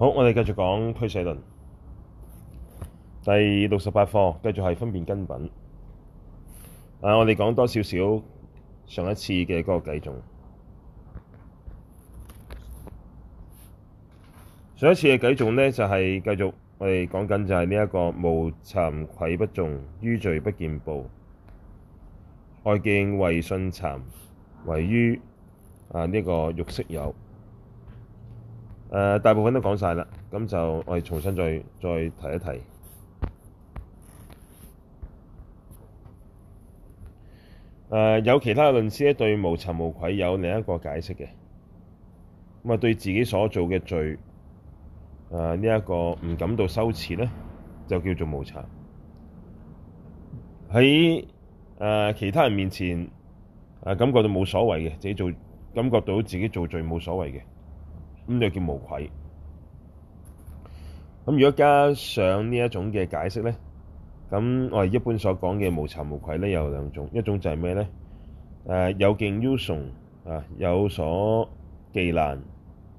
好，我哋繼續講俱舍論，第六十八課，繼續係分辨根品。啊，我哋講多少少上一次嘅嗰個偈頌。上一次嘅偈頌呢，就係、是、繼續我哋講緊就係呢一個無慚愧不重，於罪不見怖，愛敬謂信慚，唯於啊呢、這個欲色有。誒、呃、大部分都講曬啦，咁就我哋重新再再提一提、呃。誒、呃、有其他的論師咧對無慚無愧有另一個解釋嘅。咁啊對自己所做嘅罪，誒呢一個唔感到羞恥呢，就叫做無慚。喺誒、呃、其他人面前誒、呃、感覺到冇所謂嘅，自己做感覺到自己做罪冇所謂嘅。咁就叫無愧。咁如果加上呢一種嘅解釋咧，咁我哋一般所講嘅無慚無愧咧，有兩種。一種就係咩咧？誒有敬有崇啊，有所忌難，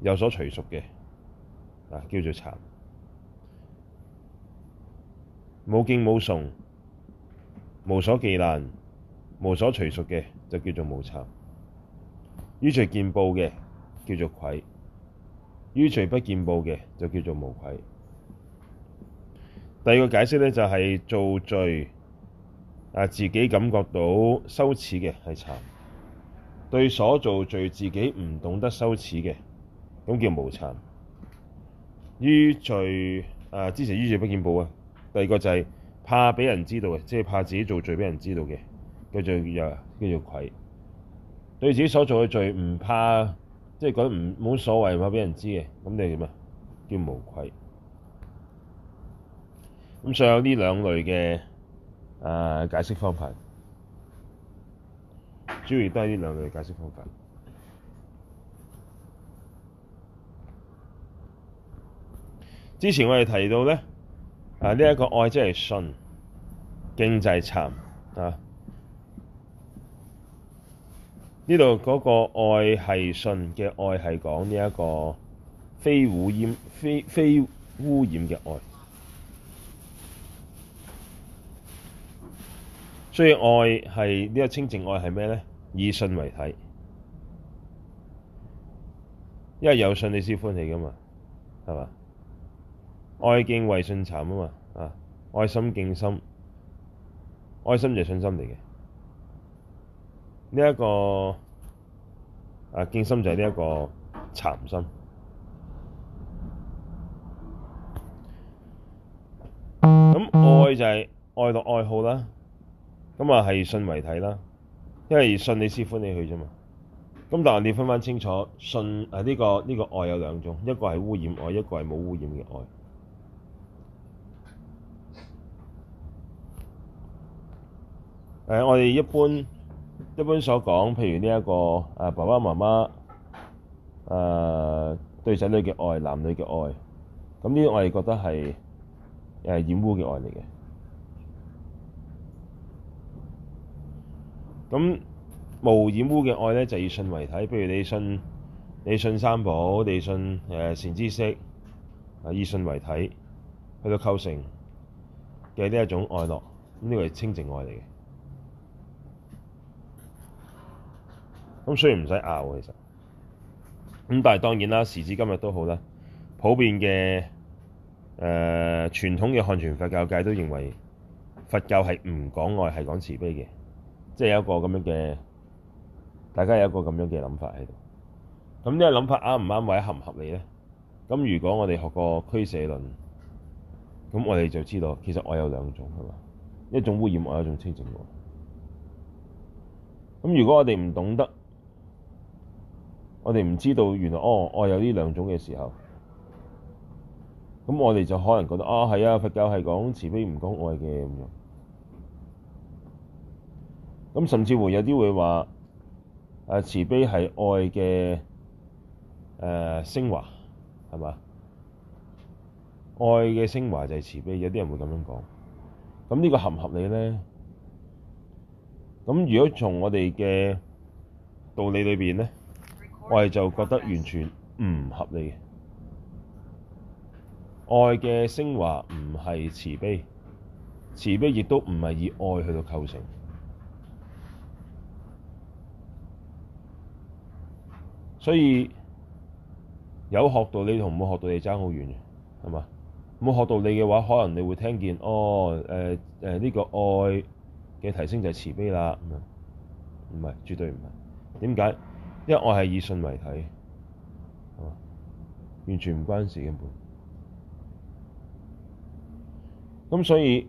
有所隨屬嘅啊，叫做慚。冇敬冇崇，冇所忌難，冇所隨屬嘅就叫做無慚。於罪見怖嘅叫做愧。於罪不見怖嘅就叫做無愧。第二個解釋呢，就係、是、做罪啊，自己感覺到羞恥嘅係慚，對所做罪自己唔懂得羞恥嘅，咁叫無慚。於罪啊，之前於罪不見怖啊，第二個就係怕畀人知道嘅，即、就、係、是、怕自己做罪畀人知道嘅，叫做啊，叫做愧。對自己所做嘅罪唔怕。即係覺得唔冇所謂話畀人知嘅，咁你點啊？叫無愧。咁尚有呢兩類嘅誒、啊、解釋方法，主要都係呢兩類嘅解釋方法。之前我哋提到咧，誒呢一個愛即係信，敬即慚啊。呢度嗰個愛係信嘅愛，係講呢一個非污染，非非污染嘅愛，所以愛係呢、這個清淨愛係咩呢？以信為體，因為有信你先歡喜噶嘛，係嘛？愛敬謂信慚啊嘛，啊愛心敬心，愛心就係信心嚟嘅。呢、這、一個啊，敬心就係呢一個慚心。咁愛就係愛樂愛好啦，咁啊係信為體啦，因為信你師傅你去啫嘛。咁但係你分翻清楚，信誒呢、啊這個呢、這個愛有兩種，一個係污染愛，一個係冇污染嘅愛。啊、我哋一般。一般所講，譬如呢、這、一個誒、啊、爸爸媽媽誒、啊、對仔女嘅愛，男女嘅愛，咁呢，我哋覺得係誒、啊、染污嘅愛嚟嘅。咁無染污嘅愛咧，就是、以信為體，譬如你信你信三寶，你信誒、啊、善知識，啊以信為體，去到構成嘅呢一種愛樂，咁呢個係清淨愛嚟嘅。咁雖然唔使拗，其實咁但係當然啦。時至今日都好啦，普遍嘅誒、呃、傳統嘅漢傳佛教界都認為佛教係唔講愛，係講慈悲嘅，即係有一個咁樣嘅，大家有一個咁樣嘅諗法喺度。咁呢個諗法啱唔啱或者合唔合，合，合理咧？咁如果我哋學過俱舍論，咁我哋就知道其實愛有兩種係嘛，一種污染愛，我有一種清淨愛。咁如果我哋唔懂得，我哋唔知道原來哦，愛有呢兩種嘅時候，咁我哋就可能覺得啊，係、哦、啊，佛教係講慈悲唔講愛嘅咁樣，咁甚至乎有啲會話誒慈悲係愛嘅誒、呃、昇華係嘛？愛嘅昇華就係慈悲，有啲人會咁樣講。咁呢個合唔合理咧？咁如果從我哋嘅道理裏邊咧？我哋就覺得完全唔合理嘅。愛嘅昇華唔係慈悲，慈悲亦都唔係以愛去到構成。所以有學道理同冇學道理爭好遠嘅，係嘛？冇學道理嘅話，可能你會聽見哦，誒誒呢個愛嘅提升就係慈悲啦，咁樣唔係，絕對唔係。點解？因為我係以信為體，啊，完全唔關事根本。咁所以，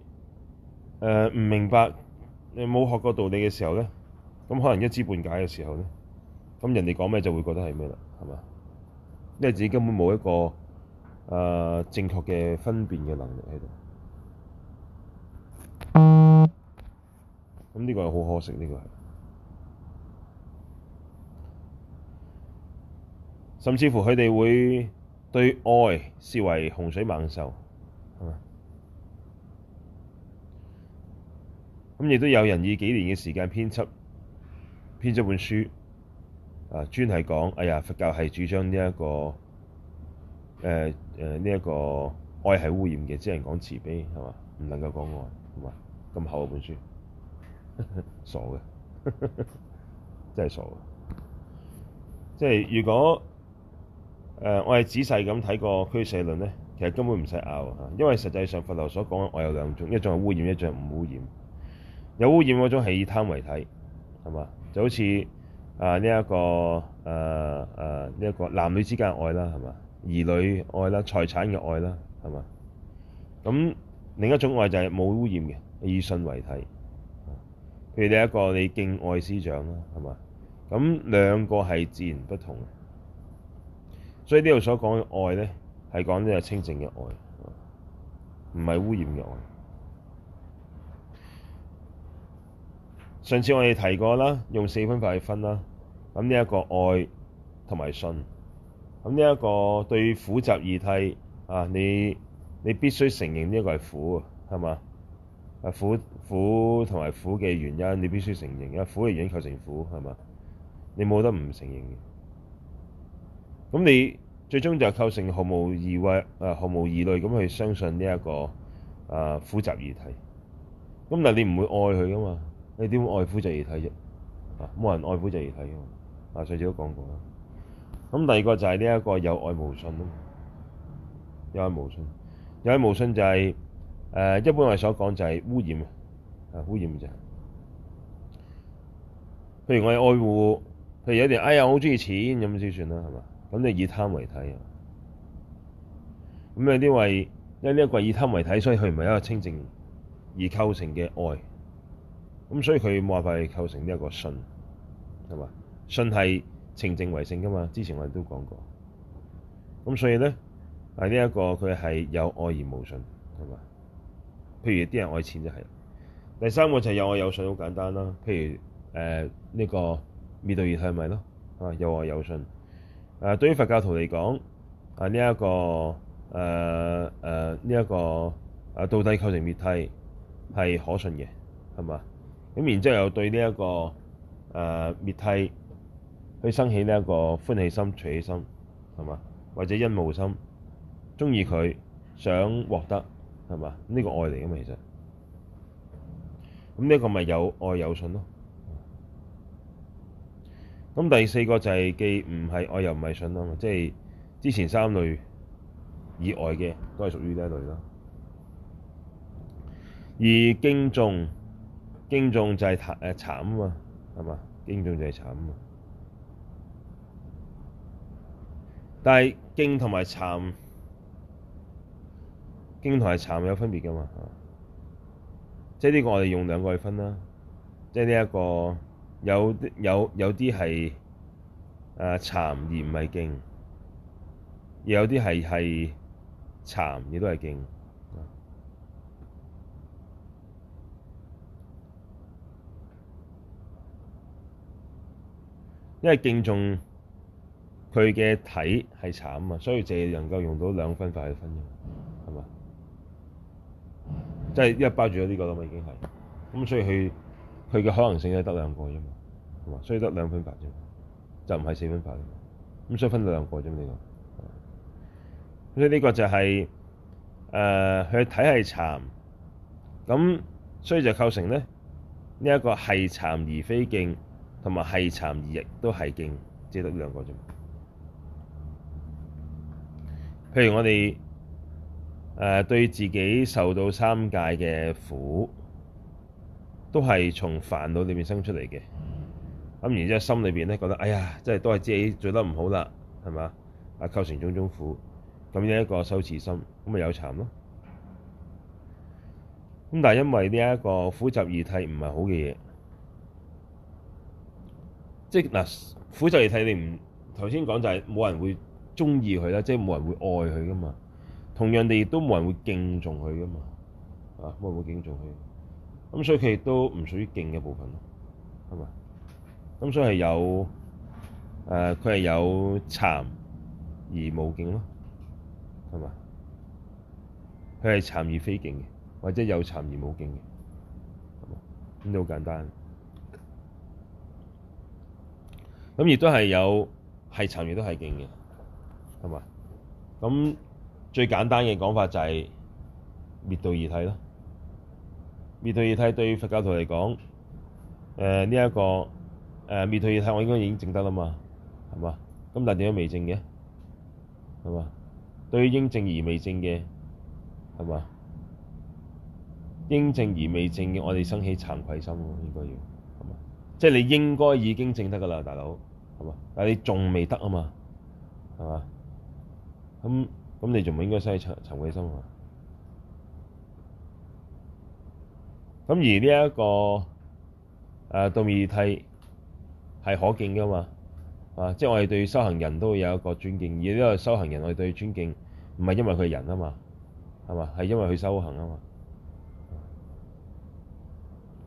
呃、不唔明白，你冇學過道理嘅時候呢，咁可能一知半解嘅時候呢，咁人哋講咩就會覺得係咩啦，係嘛？因為自己根本冇一個、呃、正確嘅分辨嘅能力喺度。咁呢個係好可惜，呢、呢個係。甚至乎佢哋會對愛視為洪水猛獸，係嘛？咁亦都有人以幾年嘅時間編輯編輯本書，啊，專係講，哎呀，佛教係主張呢一個誒誒呢一個愛係污染嘅，只能講慈悲，係咪？唔能夠講愛，係嘛？咁厚嘅本書， 傻嘅的， 真係傻嘅，即係如果。誒，我係仔細咁睇過俱舍論咧，其實根本唔使拗嚇，因為實際上佛法所講嘅愛有兩種，一種係污染，一種係唔污染。有污染嗰種係以貪為體，係嘛？就好似啊呢一、這個誒誒呢一個男女之間嘅愛啦，係嘛？兒女愛啦，財產嘅愛啦，係嘛？咁另一種愛就係冇污染嘅，以信為體。譬如你一個你敬愛師長啦，係嘛？咁兩個係自然不同嘅。所以呢度所講嘅愛咧，係講呢個清淨嘅愛，唔係污染嘅愛。上次我哋提過啦，用四分法去分啦。咁呢一個愛同埋信，咁呢一個對苦集二諦啊，你你必須承認呢一個係苦，係嘛？啊，苦苦同埋苦嘅原因，你必須承認啊，苦嘅原因構成苦，係嘛？你冇得唔承認。咁你最終就構成毫無疑問，毫無疑慮咁去相信呢、這、一個誒、啊、複雜議題。咁你唔會愛佢㗎嘛？你點會愛複雜議題啫？啊，冇人愛複雜議題㗎嘛？啊，上次都講過啦。咁、啊、第二個就係呢一個有愛無信，有愛無信，有愛無信就係、是啊、一般話所講就係污染啊，污染啫。譬如我係愛護，譬如有一哎呀，我好中意錢咁先算啦，係嘛？咁你以貪為體啊？咁有啲為，因為呢一個以貪為體，所以佢唔係一個清淨而構成嘅愛。咁所以佢冇辦法係構成呢一個信，係嘛？信係清淨為性噶嘛？之前我哋都講過。咁所以咧，係呢一個佢係有愛而無信，係嘛？譬如啲人愛錢就係。第三個就係有愛有信，好簡單啦。譬如誒呢、呃這個滅道諦係咪咯，係有愛有信。誒對於佛教徒嚟講，啊呢一個誒誒呢一個啊到底構成滅諦係可信嘅係嘛？咁然之後又對呢、這、一個誒滅諦去生起呢一個歡喜心、隨喜心係嘛？或者因無心中意佢想獲得係嘛？呢、這個是愛嚟嘅嘛其實，咁、這、呢個咪有愛有信咯。咁第四個就係既唔係愛又唔係信啊，即係之前三類以外嘅都係屬於呢一類咯。而敬重敬重就係、是啊、慚誒啊嘛，係嘛？敬重就係慚啊。但係敬同埋慚，敬同埋慚有分別嘅嘛、啊，即係呢個我哋用兩個去分啦，即係呢一個。有啲有有啲係誒慚而唔係敬，有啲係係慚，亦都係敬是。因為敬重，佢嘅體係慚啊，所以淨係能夠用到兩分法去分啫，係嘛？即係一包住咗呢個啦嘛，已經係咁，所以佢。佢嘅可能性咧得兩個啫嘛，所以得兩分法啫嘛，就唔係四分法啊嘛，咁所以分到兩個啫嘛呢個，呢個就係誒去睇係慚，咁、呃、所以就構成咧呢一、這個係慚而非敬，同埋係慚而亦都係敬，只得兩個啫。譬如我哋誒、呃、對自己受到三界嘅苦，都係從煩惱裏面生出嚟嘅，咁然之後心裏邊咧覺得，哎呀，即係都係自己做得唔好啦，係嘛？啊，構成種種苦，咁呢一個羞恥心，咁咪有慚咯。咁但係因為呢一個苦集二諦唔係好嘅嘢，即係嗱苦集二諦，你唔頭先講就係冇人會中意佢啦，即係冇人會愛佢噶嘛。同樣地，亦都冇人會敬重佢噶嘛，啊，冇人會敬重佢。咁所以佢亦都唔屬於敬嘅部分咯，係咪？咁所以係有，誒、呃，佢係有慚而無敬咯，係咪？佢係慚而非敬嘅，或者有慚而無敬嘅，咁都好簡單。咁亦都係有係慚而都係敬嘅，係咪？咁最簡單嘅講法就係滅道二諦咯。滅道二諦對佛教徒嚟講，誒呢一個誒滅道二諦我應該已經證得啦嘛，係嘛？咁但點解未證嘅？係嘛？對於應證的正而未證嘅，係嘛？應證而未證嘅，我哋升起慚愧心應該要，係嘛？即係你應該已經證得噶啦，大佬，係嘛？但係你仲未得啊嘛，係嘛？咁咁你仲唔應該升起慚慚愧心啊？咁而呢、這、一個誒、呃、滅道二諦係可敬㗎嘛？啊，即係我哋對修行人都會有一個尊敬。而呢個修行人，我哋對尊敬唔係因為佢係人啊嘛，係嘛？係因為佢修行啊嘛。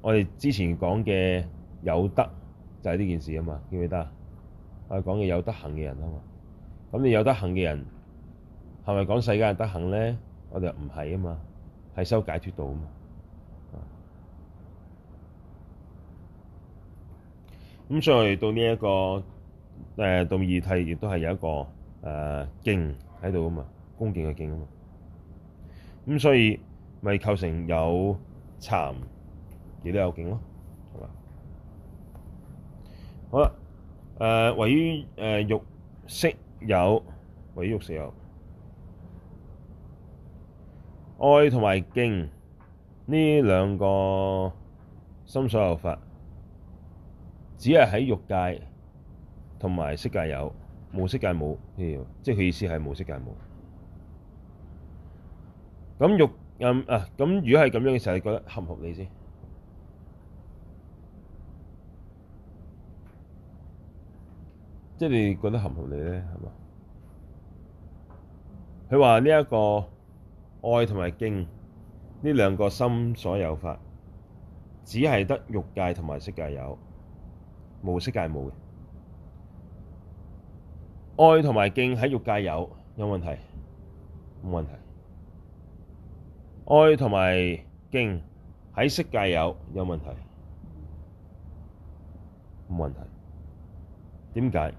我哋之前講嘅有德就係呢件事啊嘛，記唔記得啊？我哋講嘅有德行嘅人啊嘛。咁你有德行嘅人係咪講世界人德行咧？我哋唔係啊嘛，係修解脫道啊嘛。咁所以到呢一個誒到二諦，亦都係有一個誒敬喺度啊嘛，恭敬嘅敬啊嘛。咁所以咪構成有慚亦都有敬咯，係嘛？好啦，誒唯於誒欲色有，唯於欲色有，愛同埋敬呢兩個心所有法。只係喺欲界同埋色界有，冇色界冇。即係佢意思係冇色界冇。咁欲、嗯、啊？咁如果係咁樣嘅時候，你覺得合唔合理先？即係你覺得合唔合理咧？係嘛？佢話呢一個愛同埋敬呢兩個心所有法，只係得欲界同埋色界有。無色界係冇嘅，愛同埋敬喺欲界有有問題，冇問題；愛同埋敬喺色界有有問題，冇問題。點解？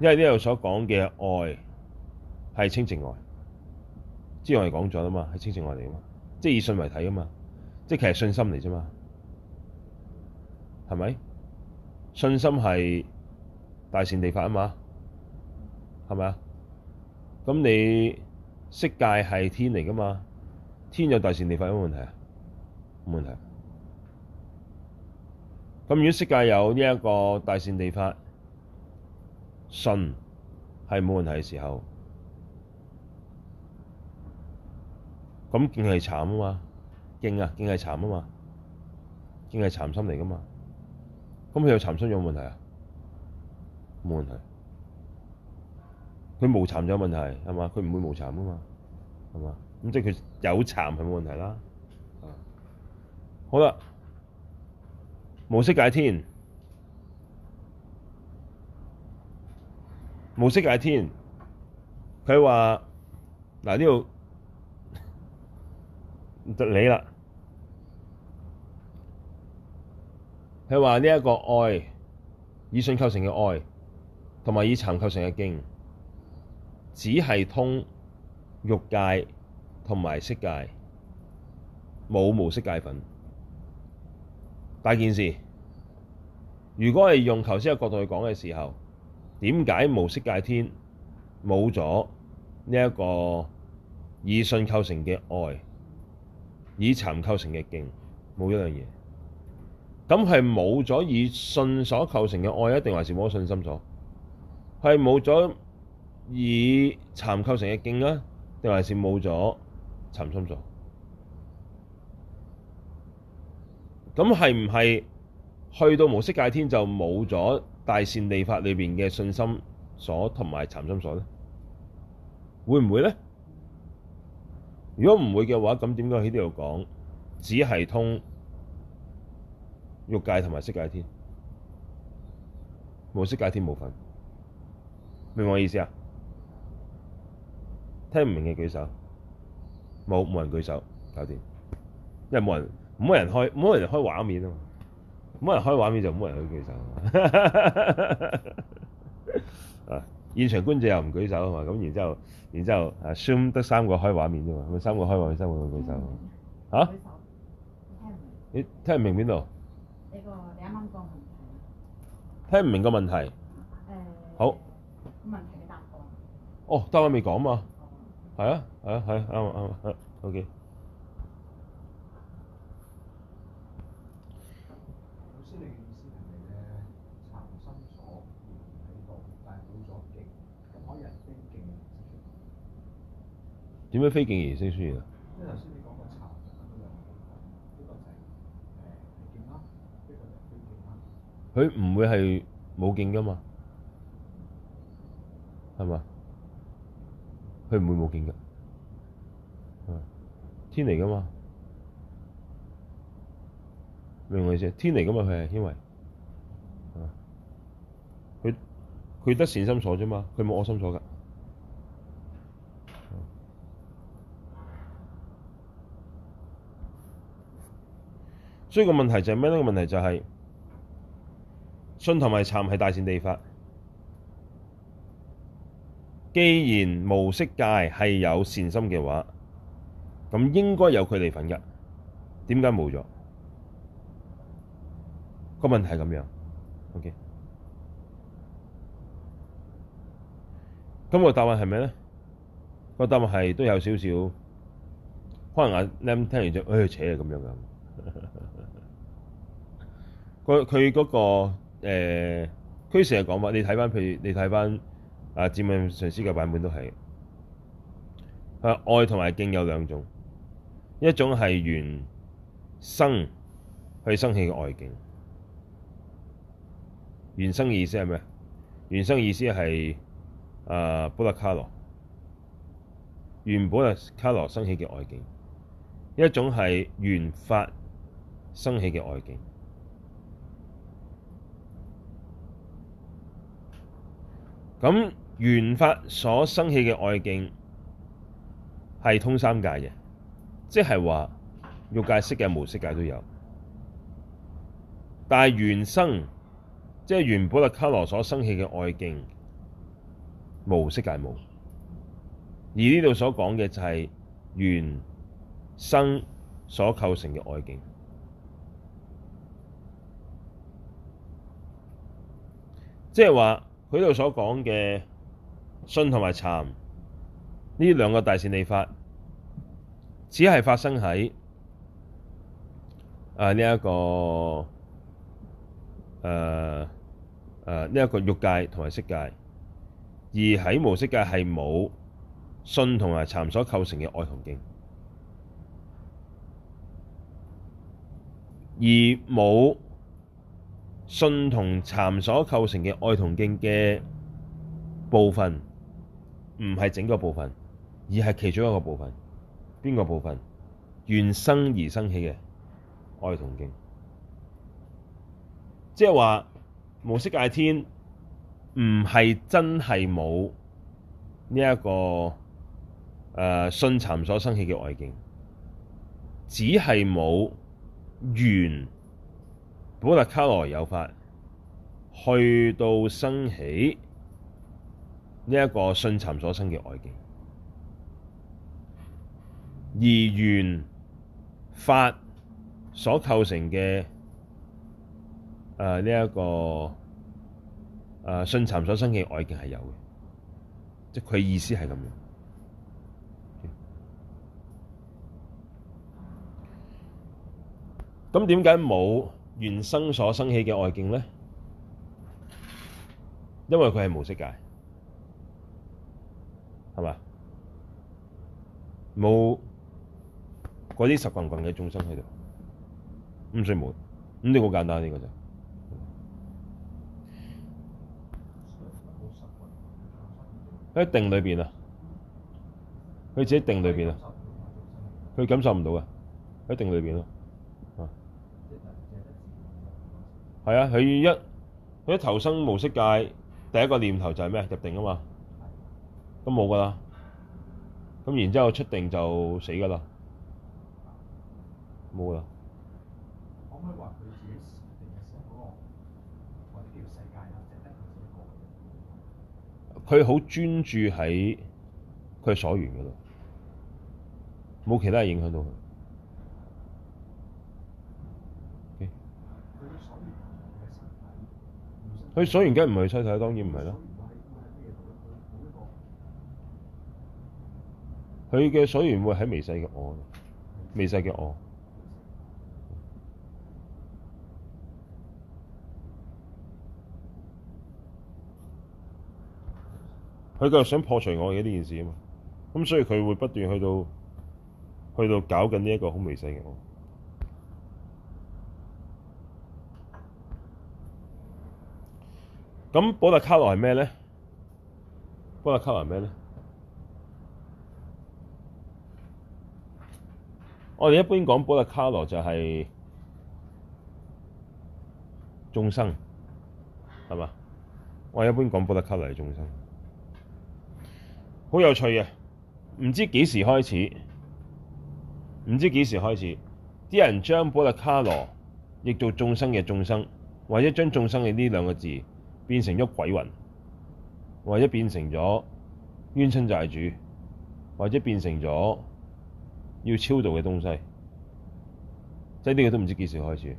因為呢度所講嘅愛係清淨愛，之前我哋講咗啊嘛，係清淨愛嚟啊嘛，即係以信為體啊嘛，即係其實信心嚟啫嘛，係咪？信心係大善地法啊嘛，係咪啊？咁你色界係天嚟噶嘛？天有大善地法有冇問題啊？冇問題。咁如果色界有呢一個大善地法，信係冇問題嘅時候，咁敬係慚啊嘛，敬啊，敬係慚啊嘛，敬係慚心嚟噶嘛。咁佢有慚身有問題啊？冇問題。佢無慚就有問題係嘛？佢唔會無慚噶嘛係嘛？咁即係佢有慚係冇問題啦。好啦，無色界天，無色界天，佢話嗱呢度就你啦。佢話呢一個愛以信構成嘅愛，同埋以慚構成嘅敬，只係通欲界同埋色界，冇無色界份。大件事，如果係用頭先嘅角度去講嘅時候，點解無色界天冇咗呢一個以信構成嘅愛，以慚構成嘅敬，冇一樣嘢？咁係冇咗以信所構成嘅愛，一定還是冇信心所；係冇咗以慚構成嘅敬啊，定還是冇咗慚心所？咁係唔係去到無色界天就冇咗大善地法裏面嘅信心所同埋慚心所咧？會唔會咧？如果唔會嘅話，咁點解喺呢度講只係通？欲界同埋色界天，冇色界天冇份，明我意思啊？聽唔明嘅舉手，冇冇人舉手，搞掂。因為冇人，冇人開，冇人開畫面啊嘛，冇人開畫面就冇乜人去舉手啊！ 現場觀眾又唔舉手啊嘛，咁然之後，然之後啊，sum 得三個開畫面啫嘛，三個開畫面，三個唔舉手嚇、啊？你聽唔明邊度？聽唔明個問題，好。個問題你答案？哦，但係我未講嘛。係啊，係啊，係啊，啱啊，啱啊，係。OK。老師，你嘅意思係咪咧產生咗唔同程度，但係到咗極咁開人非極出現？點解非極而先出現啊？佢唔會係冇勁㗎嘛，係嘛？佢唔會冇勁㗎，嗯，天嚟㗎嘛，明唔明意思？天嚟㗎嘛，佢係因為，嗯，佢佢得善心所啫嘛，佢冇惡心所㗎。所以個問題就係咩呢？個問題就係。信同埋慚係大善地法，既然無色界係有善心嘅話，咁應該有佢哋份噶，點解冇咗？個問題係咁樣。O K，咁個答案係咩咧？個答案係都有少少可能，眼你咁聽完就、欸，扯係咁樣噶。佢嗰、個。誒、呃，佢成日講話，你睇翻，譬如你睇翻阿哲問上司嘅版本都係嘅。佢話愛同埋敬有兩種，一種係原生去生起嘅愛敬。原生意思係咩？原生意思係啊補特伽羅，原本啊卡羅生起嘅愛敬。一種係緣法生起嘅愛敬。咁緣法所生起嘅愛敬係通三界嘅，即係話欲界、色界、無色界都有。但係緣生即係緣補特伽羅所生起嘅愛敬，無色界冇。而呢度所講嘅就係緣生所構成嘅愛敬，即係話。佢度所講嘅信同埋慚呢兩個大善地法，只係發生喺啊呢一個誒誒呢一個欲界同埋色界，而喺無色界係冇信同埋慚所構成嘅愛同敬，而冇。信同慚所構成嘅愛同敬嘅部分，唔係整個部分，而係其中一個部分。邊個部分？緣生而生起嘅愛同敬，即係話無色界天唔係真係冇呢一個誒、呃、信慚所生起嘅愛敬，只係冇緣補特伽羅有法去到生起呢一個信慚所生嘅愛敬，而緣法所構成嘅誒呢一個誒、啊、信慚所生嘅愛敬係有嘅，即佢意思係咁樣。咁點解冇？原生所生起嘅愛敬呢，因為佢係無色界，係嘛？冇嗰啲十棍棍嘅眾生喺度，唔算門。咁你好簡單呢個就喺定裏邊啊！佢自己定裏邊啊！佢感受唔到啊，喺定裏邊咯。係啊，佢一佢一投生無色界，第一個念頭就係咩？入定啊嘛，咁冇噶啦，咁然之後出定就死噶啦，冇噶啦。可唔可以話佢自己定嘅時候嗰冇佢好專注喺佢所緣嗰度，冇其他影響到佢。Okay 佢所緣梗唔係身體，當然唔係咯。佢嘅所緣會喺微細嘅我，微細嘅我。佢就係想破除我嘅呢件事嘛。所以佢會不斷去到，去到搞緊呢一個好微細嘅我。咁補特伽羅係咩咧？補特伽羅係咩咧？我哋一般講補特伽羅就係眾生，係嘛？我哋一般講補特伽羅係眾生，好有趣啊！唔知幾時開始，唔知幾時開始，啲人將補特伽羅譯做眾生嘅眾生，或者將眾生嘅呢兩個字。變成咗鬼魂，或者變成咗冤親債主，或者變成咗要超度嘅東西，即係呢個都唔知幾時開始。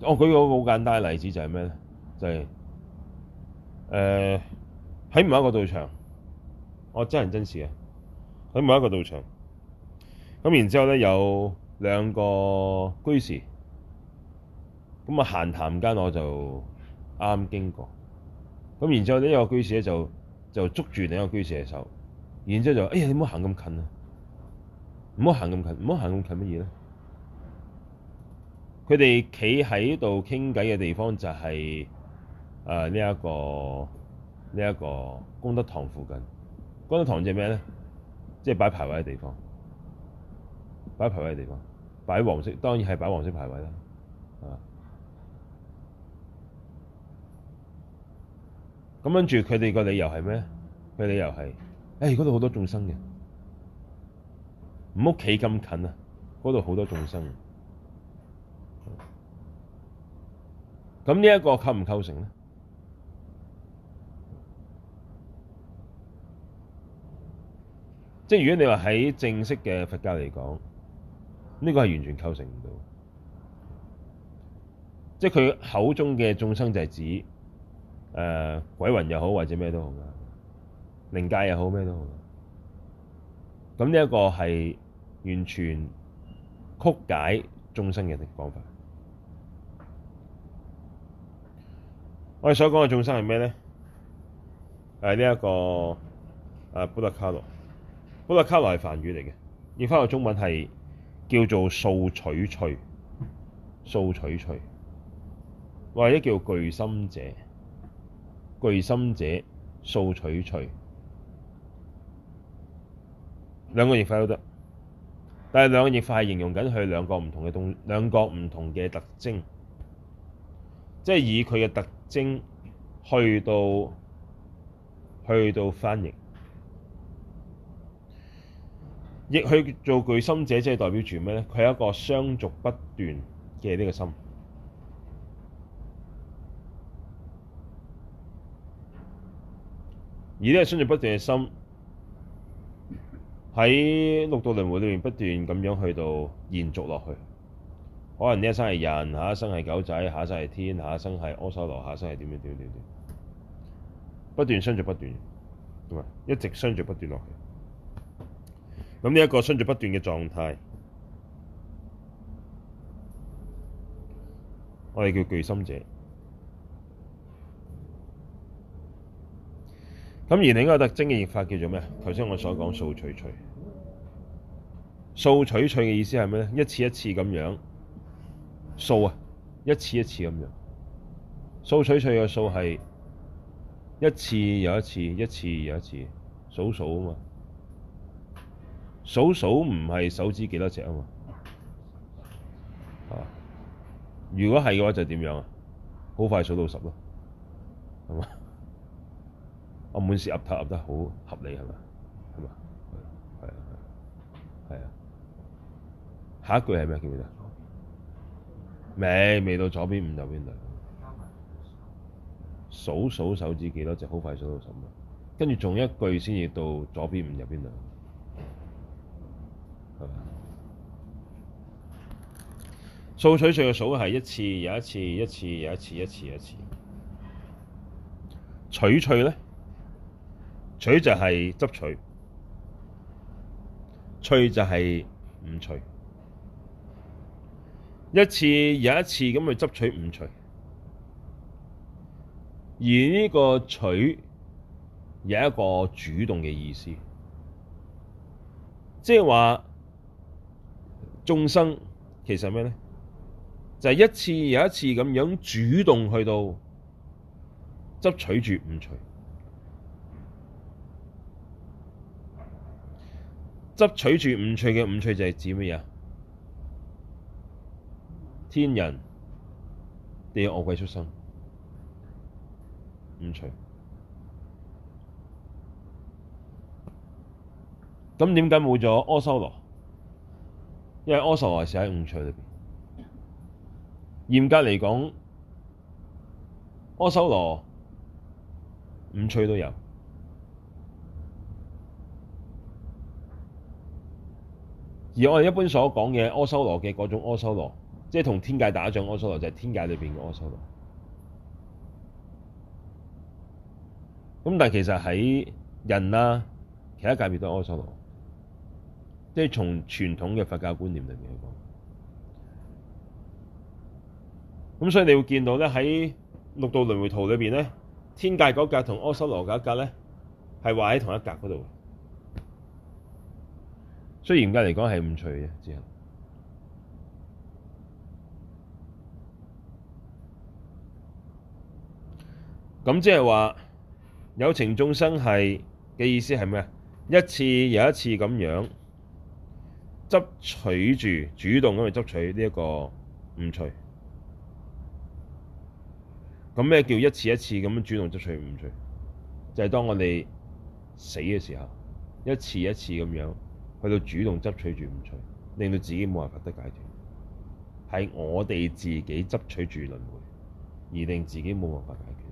我舉個好簡單嘅例子就係咩咧？就係誒喺某一個道場，我真人真事嘅喺某一個道場，咁然後呢，有兩個居士。咁啊，閒談間我就啱經過，咁然之後呢一個居士咧就就捉住另一個居士嘅手，然之後就，哎呀，你唔好行咁近啊！唔好行咁近，唔好行咁近，乜嘢咧？佢哋企喺度傾偈嘅地方就係誒呢一個呢一個功德堂附近。功德堂呢就係咩咧？即係擺牌位嘅地方，擺牌位嘅地方，擺黃色，當然係擺黃色牌位啦，啊！咁跟住佢哋個理由係咩？佢理由係，誒嗰度好多眾生嘅，唔好企咁近啊，嗰度好多眾生。咁呢一個構唔構成咧？即係如果你話喺正式嘅佛教嚟講，呢個係完全構成唔到。即係佢口中嘅眾生就係指。誒、呃、鬼魂又好，或者咩都好啦，靈界又好，咩都好。咁呢一個係完全曲解眾生嘅方法我，我哋所講嘅眾生係咩咧？係呢一個誒、啊，補特伽羅。補特伽羅係梵語嚟嘅，要翻到中文係叫做數取趣、數取趣，或者叫巨心者。具心者，數取趣。兩個譯法都得，但係兩個譯法係形容緊佢兩個唔同嘅動，兩個唔同嘅特徵。即係以佢嘅特徵去到去到翻譯，亦去做具心者，即係代表住咩咧？佢係一個相續不斷嘅呢個心。而呢個循著不斷嘅心，喺六道輪回裏面不斷咁樣去到延續落去。可能呢一生係人，下一生係狗仔，下一生係天，下一生係阿修羅，下一生係點點點點點，不斷循著不斷，唔係一直循著不斷落去。那呢一個循著不斷嘅狀態，我哋叫具心者。咁而另一個特徵嘅譯法叫做咩？頭先我所講數取趣，數取趣嘅意思係咩咧？一次一次咁樣數啊，一次一次咁樣數取趣嘅數係一次又一次，一次又一次數數啊嘛，數數唔係手指幾多隻啊嘛，啊！如果係嘅話就點樣啊？好快數到十咯，係嘛？我滿市入頭入得好合理係嘛？係嘛？係啊係啊係啊！下一句係咩？叫咩？未未到左邊五右邊兩，數數手指幾多隻？好快數到十粒，跟住仲有一句先至到左邊五右邊兩，係嘛？數取趣嘅數係一次，又一次，一次，又一次，一次，一次。一次一次一次取趣咧？取就係執取，趣就係五趣，一次又一次咁去執取五趣，而呢個取有一個主動嘅意思，即係話眾生其實咩咧，就係、是、一次又一次咁樣主動去到執取住五趣。執取住五趣嘅五趣就係指乜嘢？天人、地獄、惡鬼出生，五趣。咁點解冇咗阿修羅？因為阿修羅係喺五趣裏邊。嚴格嚟講，阿修羅五趣都有。而我哋一般所講嘅阿修羅嘅嗰種阿修羅，即係同天界打仗。阿修羅，就係天界裏邊嘅阿修羅。咁但係其實喺人啦，其他界別都係阿修羅。即係從傳統嘅佛教觀念裏面去講，咁所以你會見到咧，喺六道輪迴圖裏邊咧，天界嗰格同阿修羅嗰格咧係畫喺同一格嗰度。雖然而家嚟講係五趣嘅，之後咁，即係話有情眾生係嘅意思係咩？一次又一次咁樣執取住，主動咁去執取呢一個五趣。咁咩叫一次一次咁主動執取五趣？就係、是、當我哋死嘅時候，一次一次咁樣。去到主動執取住唔取，令到自己冇辦法得解脫，係我哋自己執取住輪迴，而令自己冇辦法解決。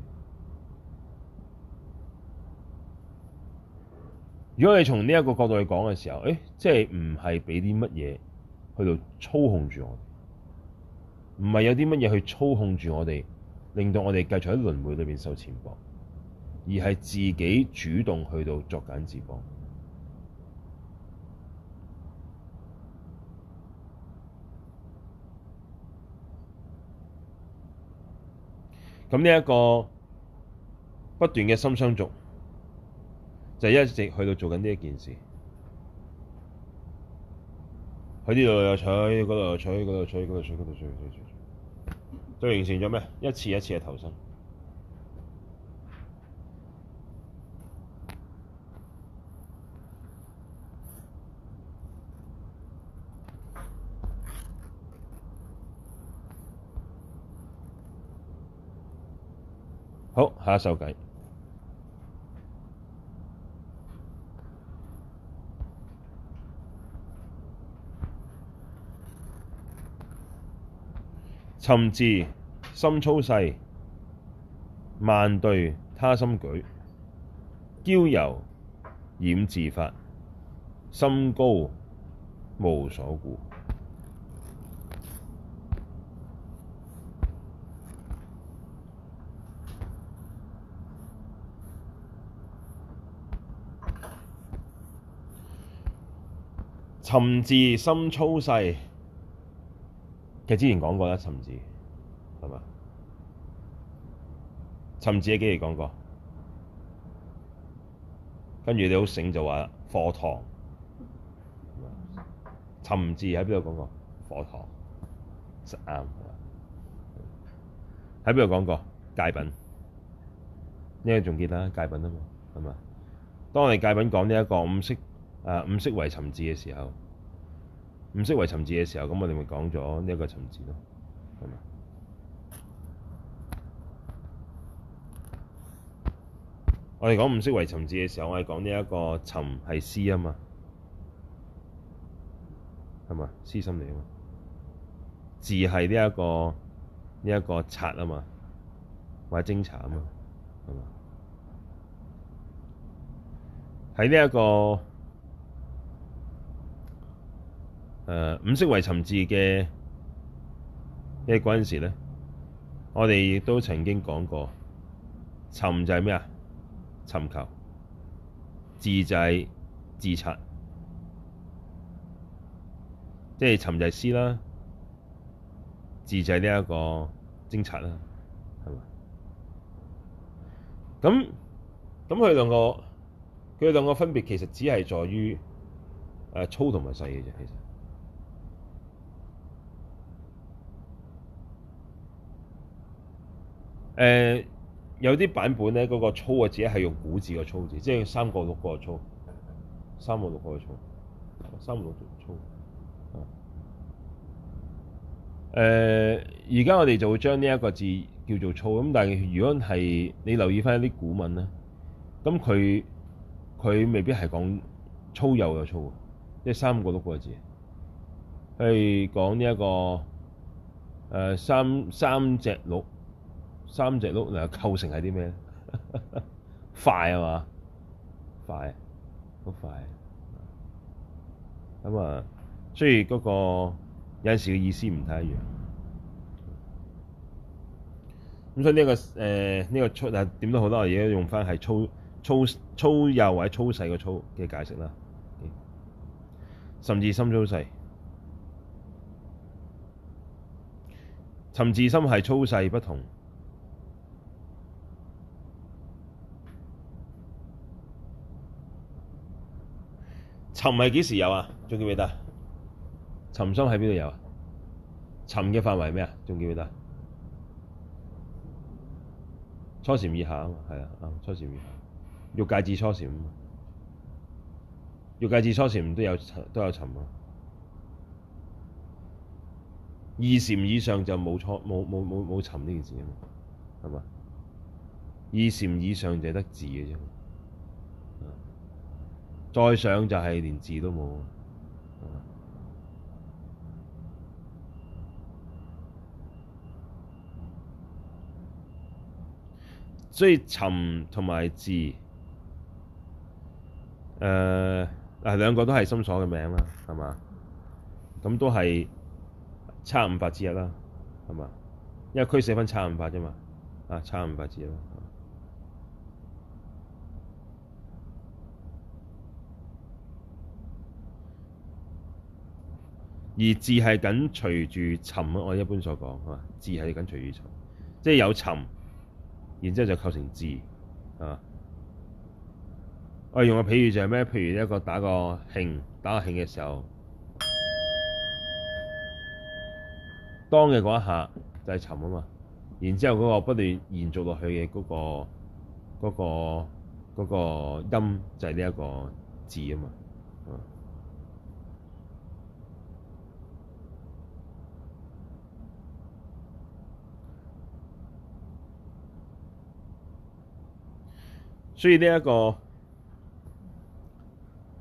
如果你從呢一個角度去講嘅時候，誒，即係唔係俾啲乜嘢去到操控住我哋？唔係有啲乜嘢去操控住我哋，令到我哋繼續喺輪迴裏面受折磨，而係自己主動去到作繭自縛。咁呢一個不斷嘅心相續，就是，一直去到做緊呢一件事。喺呢度又取，嗰度又取，嗰度取，嗰度取，嗰度取，嗰度取，取取形成咗咩？一次一次嘅投生。好，下一首偈，尋伺心粗細，慢對他心舉，憍由染自法，心高無所顧。尋伺心粗細，其實之前講過啦，尋伺係嘛？尋伺幾時講過？跟住你好醒就話課堂，尋伺喺邊度講過？課堂實啱，喺邊度講過？界品呢個仲記得？界品啊嘛，係嘛？當我哋界品講呢一個五識，誒，五識唯尋伺嘅時候。唔識唯尋伺嘅時候，咁我哋咪講咗呢一個尋字咯，係咪？我哋講唔識唯尋伺嘅時候，我哋講呢一個尋係思啊嘛，係咪？思心嚟啊嘛，伺係呢一個呢一個察啊嘛，或者偵查啊嘛，係嘛？喺呢一個。誒、呃、五識唯尋伺嘅，呢為嗰陣時咧，我哋亦都曾經講過，尋就係咩啊？尋求，伺就係伺察，即係尋就係思啦，伺就係呢一個偵察啦，係咪？咁咁佢兩個佢兩個分別其實只係在於誒、呃、粗同埋細嘅啫，其實誒、呃、有啲版本咧，嗰、那個粗嘅字係用古字嘅粗字，即係三個鹿個個粗，三個鹿個個粗，三個鹿個粗。誒、啊，而、呃、家我哋就會將呢一個字叫做粗。咁但係如果係你留意翻一啲古文咧，咁佢佢未必係講粗幼嘅粗，即係三個鹿個字，係講呢一個誒、呃、三三隻鹿。三隻碌嗱構成係啲咩快啊嘛，快，好快。咁啊，雖然嗰個有陣時嘅意思唔太一樣。咁所以呢、呢個誒呢、呃呢個粗啊，點都好多嘢都用翻係粗粗粗幼或者粗細嘅粗嘅解釋啦。甚至深粗細，甚至深係粗細不同。尋係幾時有啊？仲記唔記得？尋伺喺邊度有啊？尋嘅範圍咩啊？仲記唔記得？初禪以下啊啊，啱初禪以下，欲界至初禪啊嘛，欲界至初禪都有都有尋啊。二禪以上就冇初冇冇尋呢件事啊嘛，係嘛？二禪以上就得伺嘅啫。再上就係連伺都冇，所以尋同埋伺，誒、呃，嗱兩個都係心所嘅名啦，係嘛？咁都係七十五法之一啦，係嘛？因為區舍分七十五法啫嘛，啊，七十五法之一。而伺係緊隨住尋，我一般所講嚇，伺係緊隨住尋，即係有尋，然之後就構成伺啊！我用個譬如就係咩？譬如一個打個磬，打個磬嘅時候，當嘅嗰一下就係尋啊嘛，然之後嗰個不斷延續落去嘅嗰個嗰個嗰個音就係呢一個伺啊嘛。所以呢、這、一個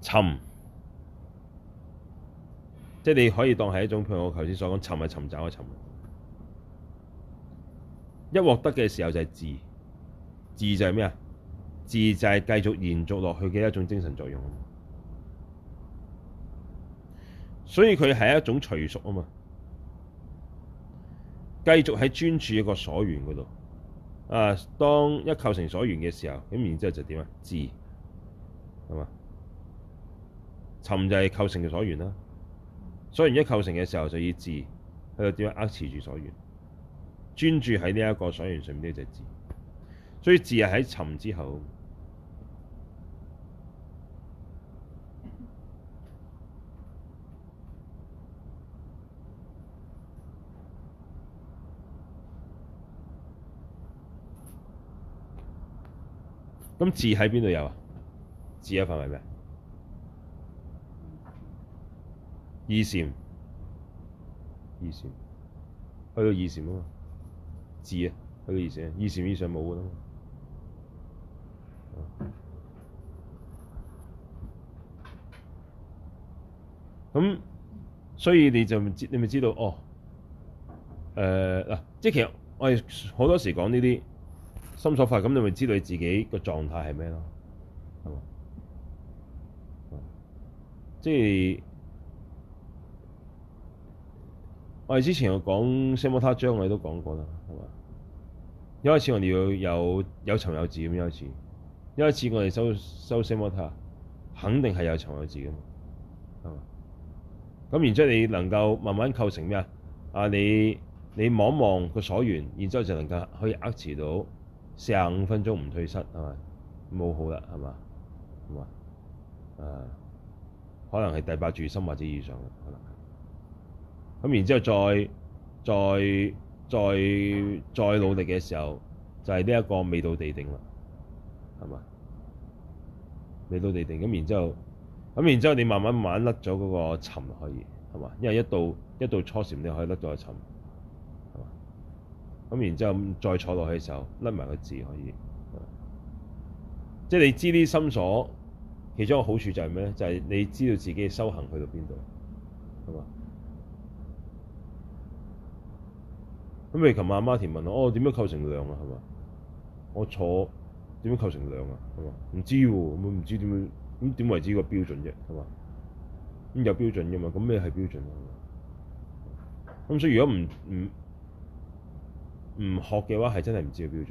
尋，即係你可以當係一種，譬如我頭先所講尋係尋找嘅尋，一獲得嘅時候就係伺，伺就係咩啊？伺就係繼續延續落去嘅一種精神作用，所以佢係一種隨屬啊嘛，繼續喺專注一個所緣嗰度。啊！當一構成所緣嘅時候，咁然之後就點啊？伺，係嘛？尋就係構成嘅所緣啦。所緣一構成嘅時候就，就要伺，佢點樣握持住所緣，專注喺呢一個所緣上面呢隻伺。所以伺係喺尋之後。咁伺喺邊度有啊？伺嘅範圍咩？二禪，二禪，去到二禪咯。伺啊，去到二禪，二禪以上冇噶啦咁，所以你就唔知你咪知道哦。誒、呃，嗱、啊，即係其實我哋好多時講呢啲。心所法，咁你咪知道你自己個狀態係咩咯？係嘛？即係我哋之前，我講奢摩他章，我哋都講過啦，係嘛？有一開始我哋要有有尋有伺，咁一開始，一開始我哋修修奢摩他，肯定係有尋有伺嘅，係嘛？咁然之後你能夠慢慢構成咩啊？啊，你你望一望個所緣，然之後就能夠可以呃持到。四十五分鐘唔退失係咪？冇好啦，係嘛？係嘛？啊，可能係第八住心或者以上啦。可能咁然之後再再再再努力嘅時候，就係呢一個未到地定啦，係嘛？未到地定，咁然之後，咁然之後你慢慢慢慢甩咗嗰個沉可以係嘛？因為一到一到初禪你可以甩咗個沉。咁然之後再坐落去嘅時候，甩埋個字可以，即係、就是、你知啲心所，其中一個好處就係咩咧？就係、是、你知道自己修行去到邊度，係嘛？咁你琴晚阿媽田問我，哦，點樣構成量啊？係嘛？我坐點樣構成量啊？係嘛？唔知喎，我唔知點樣，咁點為之個標準啫？係嘛？咁、嗯、有標準噶嘛？咁咩係標準啊？咁所以如果唔唔。唔學嘅話，係真係唔知個標準。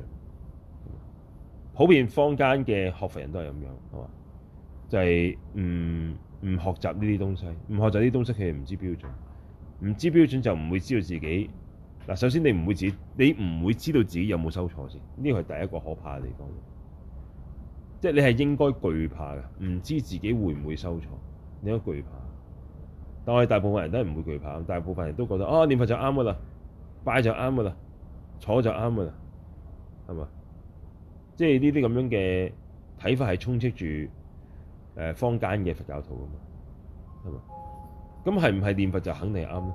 普遍坊間嘅學佛人都係咁樣，係嘛？就係唔唔學習呢啲東西，唔學習啲東西，佢係唔知標準。唔知標準就唔會知道自己嗱。首先你，你唔會知，你唔會知道自己有冇收錯先。呢個係第一個可怕嘅地方。即係你係應該懼怕嘅，唔知自己會唔會收錯，你應該懼怕。但係大部分人都唔會懼怕，大部分人都覺得，哦，念佛就啱噶啦，拜就啱噶啦。坐就啱啊，係嘛？即係呢啲咁樣嘅睇法係充斥住誒坊間嘅佛教徒啊嘛，係嘛？咁係唔係念佛就肯定係啱咧？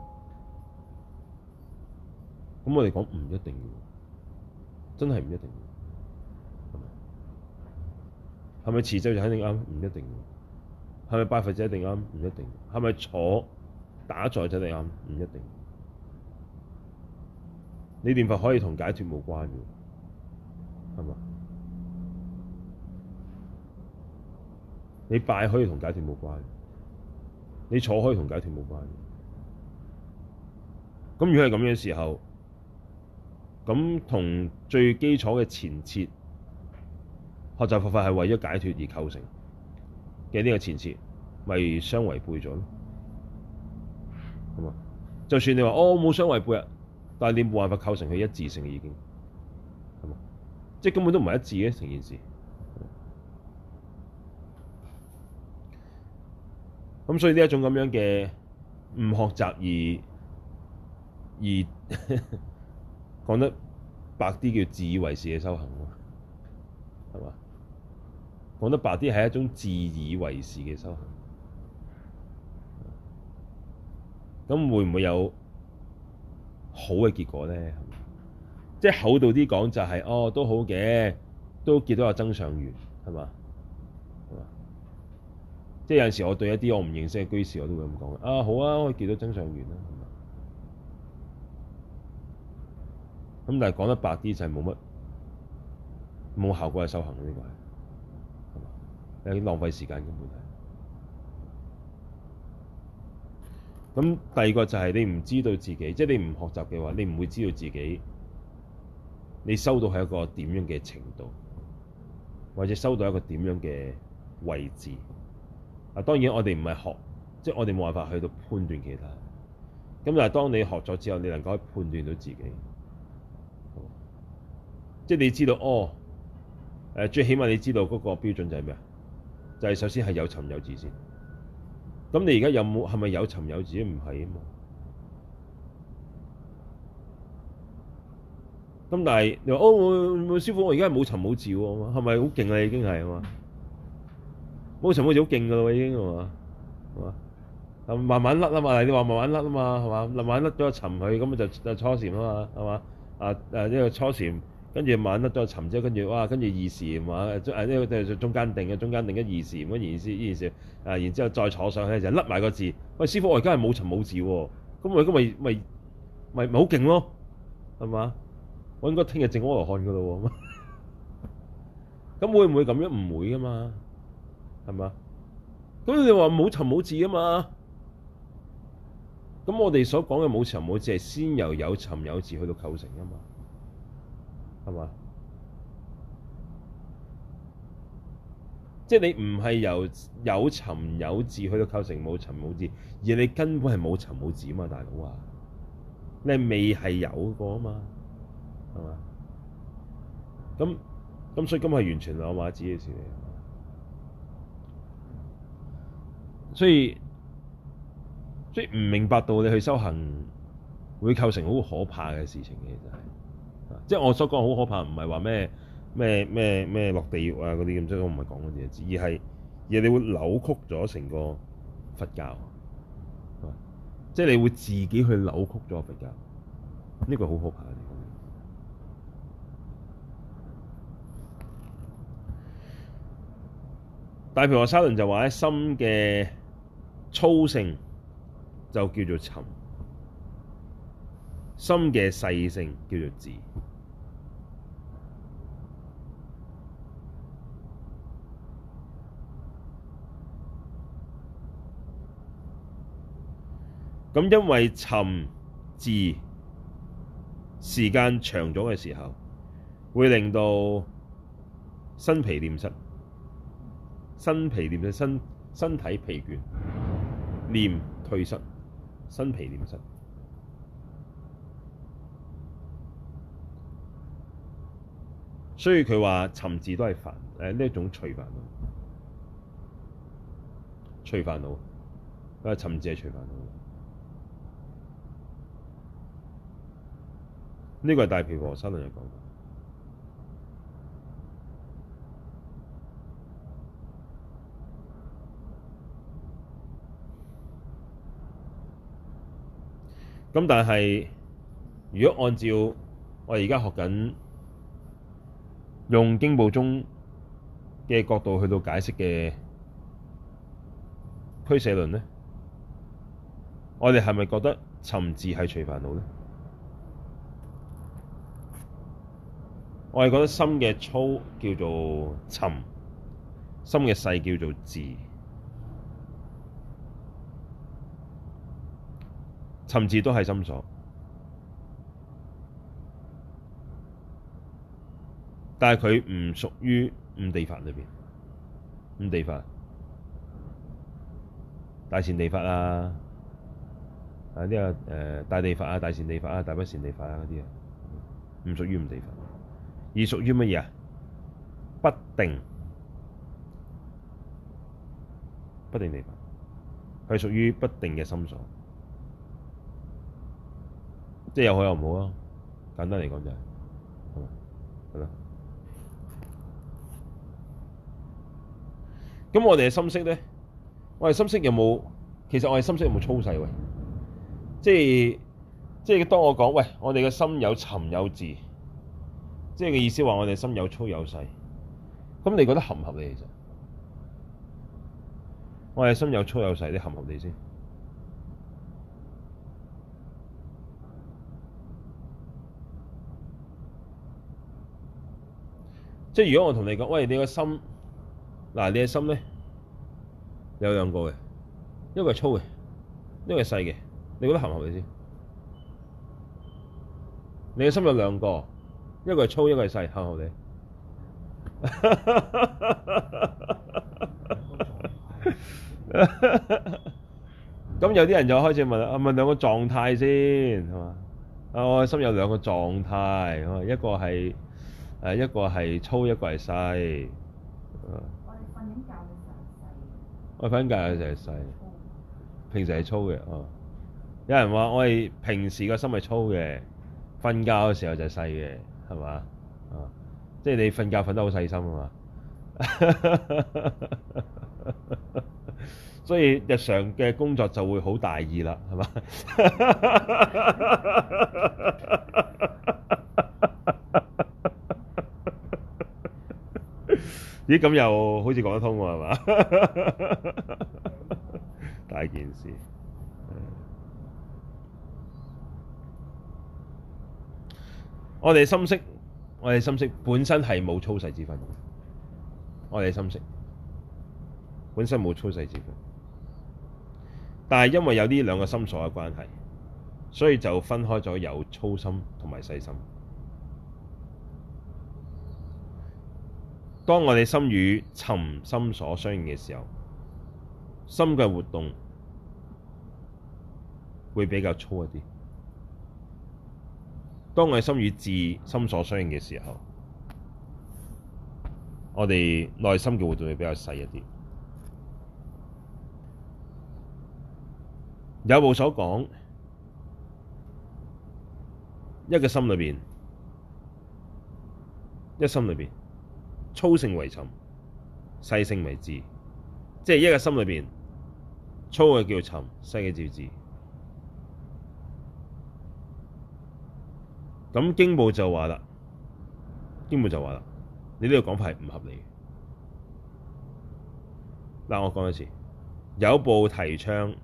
咁我哋講唔一定嘅，真係唔一定嘅，係咪？係咪持咒就肯定啱？唔一定。係咪拜佛就一定啱？唔一定。係咪坐打坐就一定啱？唔一定。你念佛可以同解脫無關嘅，係嘛？你拜可以同解脫無關，你坐可以同解脫無關嘅。咁如果係咁樣嘅時候，咁同最基礎嘅前設，學習佛法係為咗解脫而構成嘅、就是、呢個前設，咪相違背咗咯？係嘛？就算你話、哦、我冇相違背啊？但係你冇辦法構成佢一致性嘅意見，係咪？即係根本都唔係一致嘅成件事。咁所以呢一種咁樣嘅唔學習而而講 得白啲叫自以為是嘅修行，係嘛？講得白啲係一種自以為是嘅修行。咁會唔會有？好嘅結果咧，即係厚道啲講就係、是、哦，都好嘅，都見到阿增上緣，係嘛？係嘛？即係有陣時，我對一啲我唔認識嘅居士，我都會咁講。啊，好啊，可以見到增上緣啦。咁但係講得白啲就係冇乜冇效果嘅修行，呢個係，係嘛？有啲浪費時間根本係。咁第二個就係你唔知道自己，即係你唔學習嘅話，你唔會知道自己，你收到係一個點樣嘅程度，或者收到一個點樣嘅位置。啊，當然我哋唔係學，即係我哋冇辦法去到判斷其他。咁但係當你學咗之後，你能夠去判斷到自己，即係你知道，哦，誒，最起碼你知道嗰個標準就係咩啊？就係首先係有尋有伺先。咁你而家有冇係咪有尋有，有伺？唔係啊嘛。咁但係你話哦，我我，師傅，我而家係冇尋冇伺喎，係咪好勁啊？已經係啊嘛，冇尋冇伺好勁噶啦，已經啊嘛，係嘛，慢慢甩啊嘛，你話慢慢甩啊嘛，係嘛，慢慢甩咗個尋去，咁咪就就初禪啊嘛，係嘛，啊啊呢個、啊、初禪。跟住晚甩咗尋之後，跟住哇，跟住二禪嘛，中誒呢個叫做中間定嘅，中間定一二禪咁，二禪二禪誒，然之後再坐上去就甩埋個伺。喂，師傅，我而家係冇尋冇伺喎，咁我而家咪咪咪咪好勁咯，係嘛？我應該聽日證阿羅漢噶咯喎。咁會唔會咁樣？唔會啊嘛，係嘛？咁你話冇尋冇伺啊嘛？咁我哋所講嘅冇尋冇伺係先由有尋有伺去到構成啊嘛。係嘛？即係你唔係由有尋有伺去到構成冇尋冇伺，而你根本係冇尋冇伺嘛，大佬啊！你未係有，有過啊嘛，係嘛？咁咁所以咁係完全係兩碼子嘅事嚟。所以所以唔明白到你去修行，會構成好可怕嘅事情嘅，其實係。即係我所講好可怕，唔係話咩咩咩咩落地獄啊嗰啲咁，即係我唔係講嗰啲嘢，而係而係你會扭曲咗成個佛教，即係你會自己去扭曲咗佛教，呢個好可怕。大毘婆沙論就話喺心嘅粗性就叫做尋，心嘅細性叫做伺。咁因為尋伺時間長咗嘅時候，會令到身疲念失，身疲念失，身身體疲倦，念退失，身疲念失。所以佢話尋伺都係煩，誒呢一種隨煩惱，隨煩惱，啊尋伺係隨煩惱。呢個係大毘婆沙論嘅講法。咁但係，如果按照我而家學緊用經部中嘅角度去到解釋嘅俱舍論呢，我哋係咪覺得尋伺係隨煩惱呢？我係覺得心嘅粗叫做尋，心嘅細叫做伺，尋伺都係心所，但係佢唔屬於五地法裏邊。五地法、大善地法啊，啊呢個誒大地法啊、大善地法啊、大不善地法啊嗰啲啊，唔屬於五地法。而屬於乜嘢啊？不定，不定地法，係屬於不定嘅心所，即係有好有唔好咯。簡單嚟講就係，係咪？咁我哋嘅心識咧，我哋心識有冇？其實我哋心識有冇粗細喂？即係即係當我講喂，我哋嘅心有尋有伺。即係嘅意思話我哋心有粗有細，咁你覺得合唔合理？其實我哋心有粗有細，你合唔合理先？即係如果我同你講，喂，你個心嗱，你個心咧有兩個嘅，一個係粗嘅，一個係細嘅，你覺得合唔合理先？你個心有兩個。一個係粗，一個係細，吓我哋。咁、嗯、 有啲人就開始問啊，問兩個狀態先，係嘛？啊，我心有兩個狀態，一個係誒，一個係粗，一個係細。我瞓緊覺嘅時候細，我瞓緊覺嘅時候細，平時係粗嘅。啊、哦，有人話我哋平時個心係粗嘅，瞓覺嘅時候就係細嘅。係嘛？即係你瞓覺瞓得好細心啊嘛， 所以日常嘅工作就會好大意啦，係嘛？ 咦，咁又好似講得通喎，係嘛？ 大件事。我哋心識，我哋心識本身係冇粗細之分。我哋心識本身冇粗細之分，但係因為有呢兩個心所嘅關係，所以就分開咗有粗心同埋細心。當我哋心與尋心所相應嘅時候，心嘅活動會比較粗一啲。當我心與伺心所相應嘅時候，我哋內心嘅活動會比較細一啲。有部所講，一個心裏邊，一心裏邊粗性為尋，細性為伺，即係一個心裏邊粗嘅叫做尋，細嘅叫伺。咁經部就話啦，經部就話啦，你呢個講法係唔合理嘅。嗱，我講一次，有部提倡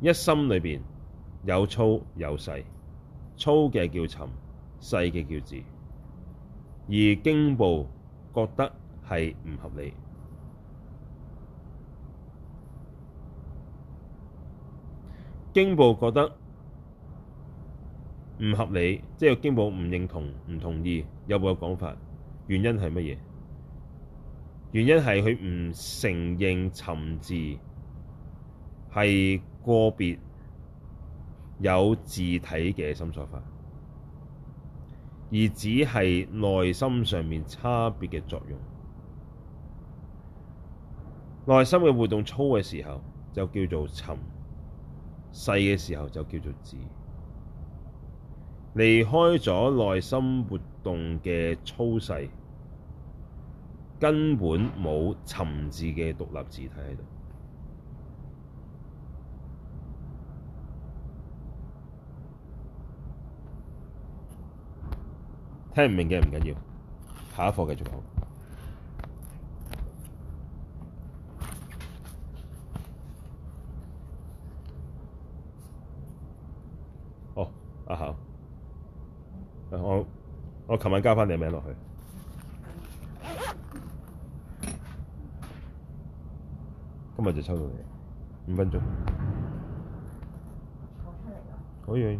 一心裏面有粗有細，粗嘅叫尋，細嘅叫伺，而經部覺得係唔合理。經部覺得。唔合理，即係經部唔認同、唔同意，有部個講法？原因係乜嘢？原因係佢唔承認尋伺係個別有自體嘅心所法，而只係內心上面差別嘅作用。內心嘅活動粗嘅時,時候就叫做尋，細嘅時候就叫做伺。離開咗內心活動嘅粗細，根本冇尋伺嘅獨立自體喺度。聽唔明嘅唔緊要，下一課繼續講。哦，阿豪。我我琴晚加翻你名落去，今日就抽到你，五分鐘，可以可以。